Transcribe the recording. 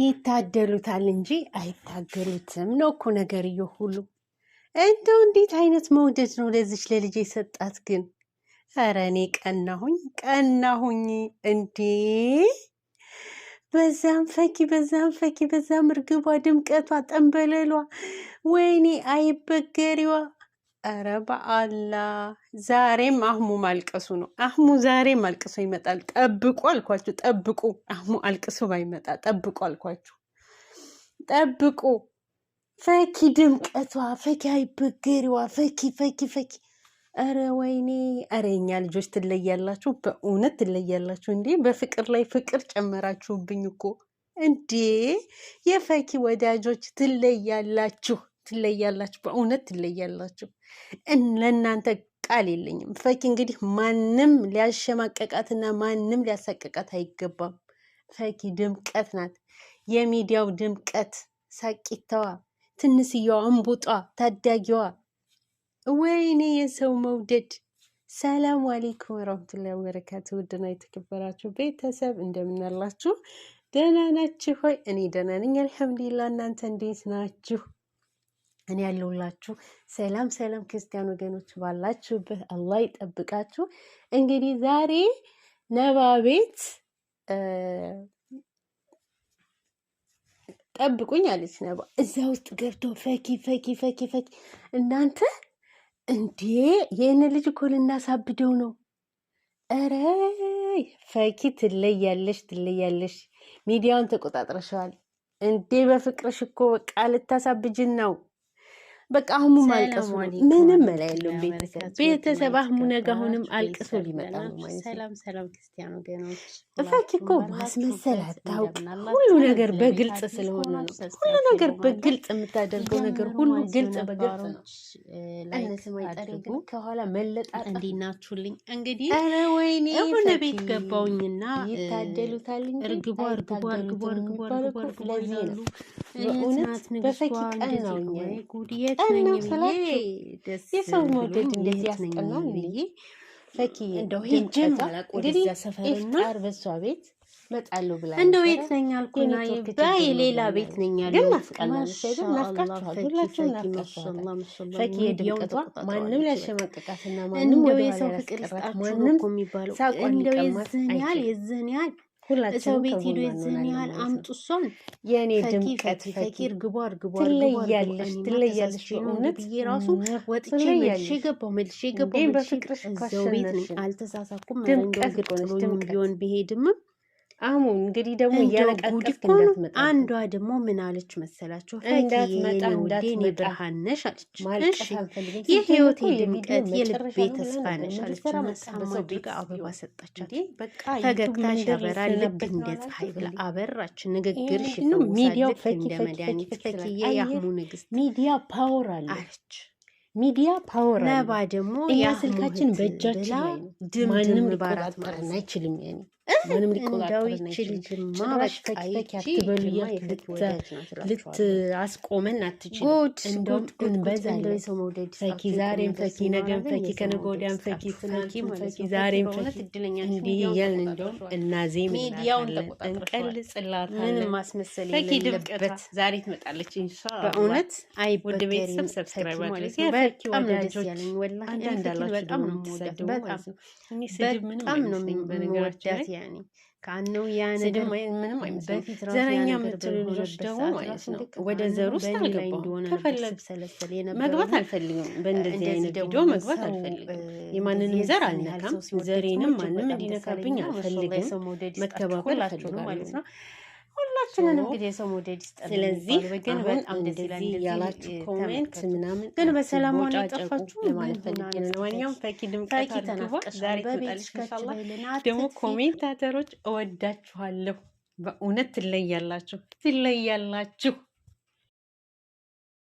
ይታደሉታል እንጂ አይታገሉትም ነው እኮ ነገርዬ ሁሉ። እንደው እንዴት አይነት መውደድ ነው ለዚች ለልጅ የሰጣት ግን! ኧረ እኔ ቀናሁኝ ቀናሁኝ እንዴ! በዛም ፈኪ በዛም ፈኪ በዛም እርግቧ፣ ድምቀቷ፣ ጠንበለሏ፣ ወይኔ አይበገሪዋ ኧረ በአላ ዛሬም አህሙ ማልቀሱ ነው። አህሙ ዛሬም አልቅሶ ይመጣል። ጠብቁ አልኳችሁ፣ ጠብቁ። አህሙ አልቅሶ ባይመጣ ጠብቁ አልኳችሁ፣ ጠብቁ። ፈኪ ድምቀቷ፣ ፈኪ አይበገሪዋ፣ ፈኪ ፈኪ ፈኪ። ኧረ ወይኔ! ኧረ የኛ ልጆች ትለያላችሁ፣ በእውነት ትለያላችሁ። እንዴ በፍቅር ላይ ፍቅር ጨመራችሁብኝ እኮ እንዴ! የፈኪ ወዳጆች ትለያላችሁ። ትለያላችሁ፣ በእውነት ትለያላችሁ። ለእናንተ ቃል የለኝም። ፈኪ እንግዲህ ማንም ሊያሸማቀቃትና ማንም ሊያሳቀቃት አይገባም። ፈኪ ድምቀት ናት፣ የሚዲያው ድምቀት፣ ሳቂተዋ፣ ትንስያዋ፣ እንቡጧ፣ ታዳጊዋ። ወይኔ የሰው መውደድ። ሰላም አሌይኩም ወረህመቱላሂ ወበረካቱ። ውድና የተከበራችሁ ቤተሰብ እንደምናላችሁ፣ ደህና ናችሁ ሆይ? እኔ ደህና ነኝ አልሐምዱሊላህ። እናንተ እንዴት ናችሁ? እኔ ያለሁላችሁ ሰላም ሰላም፣ ክርስቲያን ወገኖች ባላችሁበት አላህ ይጠብቃችሁ። እንግዲህ ዛሬ ነባ ቤት ጠብቁኝ አለች ነባ። እዛ ውስጥ ገብቶ ፈኪ ፈኪ ፈኪ ፈኪ። እናንተ እንዴ የእኔ ልጅ እኮ ልናሳብደው ነው። ኧረ ፈኪ ትለያለሽ፣ ትለያለሽ። ሚዲያውን ተቆጣጥረሸዋል እንዴ! በፍቅርሽ እኮ በቃ ልታሳብጅን ነው። በቃ አህሙም አልቅሶ ምንም መላ የለውም። ቤተሰብ ቤተሰብ አህሙ ነገ አሁንም አልቅሶ ሊመጣ ነው ማለት ነው። እፈኪ እኮ ማስመሰል አታውቅ። ሁሉ ነገር በግልጽ ስለሆነ ነው። ሁሉ ነገር በግልጽ የምታደርገው ነገር ሁሉ ግልጽ በግልጽ ነው። እነስማይ ጠሪ ከኋላ መለጣጣ እንዲናችሁልኝ እንግዲህ ወይኔ ሁነ ቤት ገባውኝና ይታደሉታል። እርግቦ እርግቦ እርግቦ እርግቦ እርግቦ ለዚህ ነው በእውነት በፈኪ ቀን ነው ጉድየ በጣም ነው ስላችሁ የሰው መውደድ እንደዚህ ያስጠላል ብዬ ፈኪ እንደው ሄጅም እንግዲህ ኢፍጣር በሷ ቤት መጣለሁ ብላ እንደው ቤት ነኝ አልኩና ባይ ሌላ ቤት ነኝ ያለ ግን ናፍቃናለች ናፍቃችኋል፣ ሁላችሁም ናፍቃችኋል። ፈኪ የድምቀቷ ማንም ሊያሸማቅቃትና ማንም ወደ ኋላ ያስቀራት ማንም ሳቋን ሊቀማት የዝህን ያህል ሰው ቤት ሄዶ ያህል አምጡ። እሷን የእኔ ድምቀት ፈኪር ግቧር ግቧር ትለያለሽ ትለያለሽ። እውነት ብዬ ራሱ ወጥቼ መልሼ መልሼ እዛው ቤት ነኝ አልተሳሳኩም። ድምቀት ቢሆን አሙ እንግዲህ ደግሞ እያለቀቀፍክ አንዷ ደግሞ ምን አለች መሰላችሁ? ፈኪኔ ብርሃን ነሽ አለች። የህይወቴ ድምቀት፣ የልቤ ተስፋ ነሽ አለች። መሳሙ አድርጋ አበባ ሰጣቻት። ፈገግታሽ ያበራል እንደ ፀሐይ ብላ አበራች። ንግግርሽ ይፈውሳል ፈኪ እንደ መድኃኒት። ፈኪዬ የአህሙ ንግስት ሚዲያ ፓወር አለች። ሚዲያ ፓወር ነባ ደግሞ እኛ ስልካችን በእጃችን ላይ ማንም ሊቆጣጠረን አይችልም። ምንም ማንም ሊቆጣጠረን አይችልም። ጭራሽ ፈኪፈኪ አትበሉ ልታስቆመን ፈኪ ዛሬም ፈኪ ነገም ፈኪ ከነገ ወዲያም ፈኪ ትናንትም ፈኪ ዛሬም ፈኪ እንዲህ እያልን እንደውም እናዜም እንቀልጽላታለን። ፈኪ ድምቀት ዛሬ ትመጣለች። በእውነት አይ ወደ ቤተሰብ ሰብስክራይብ ከእርኪ በጣም ነው የምወዳት። ያኔ ከአነው ዘረኛ የምትሉ ልጆች ደግሞ ማለት ነው ወደ ዘር ውስጥ አልገባሁም። ከፈለግ መግባት አልፈልግም። በእንደዚህ አይነት ቪዲዮ መግባት አልፈልግም። የማንንም ዘር አልነካም። ዘሬንም ማንም እንዲነካብኝ አልፈልግም። መከባበል አልፈልግም ማለት ነው። ሁላችንን እንግዲህ የሰው ሞዴል ይስጠ። ስለዚህ ግን በጣም ደስ ይላል ያላችሁ ኮሜንት ምናምን ግን በሰላም ሆነ ጠፋችሁ ለማለት ፈልጌ ነው። ለማንኛውም ፈኪ ድምቀት ተናፍቀሽ ደግሞ ኮሜንታተሮች እወዳችኋለሁ። በእውነት ትለያላችሁ፣ ትለያላችሁ።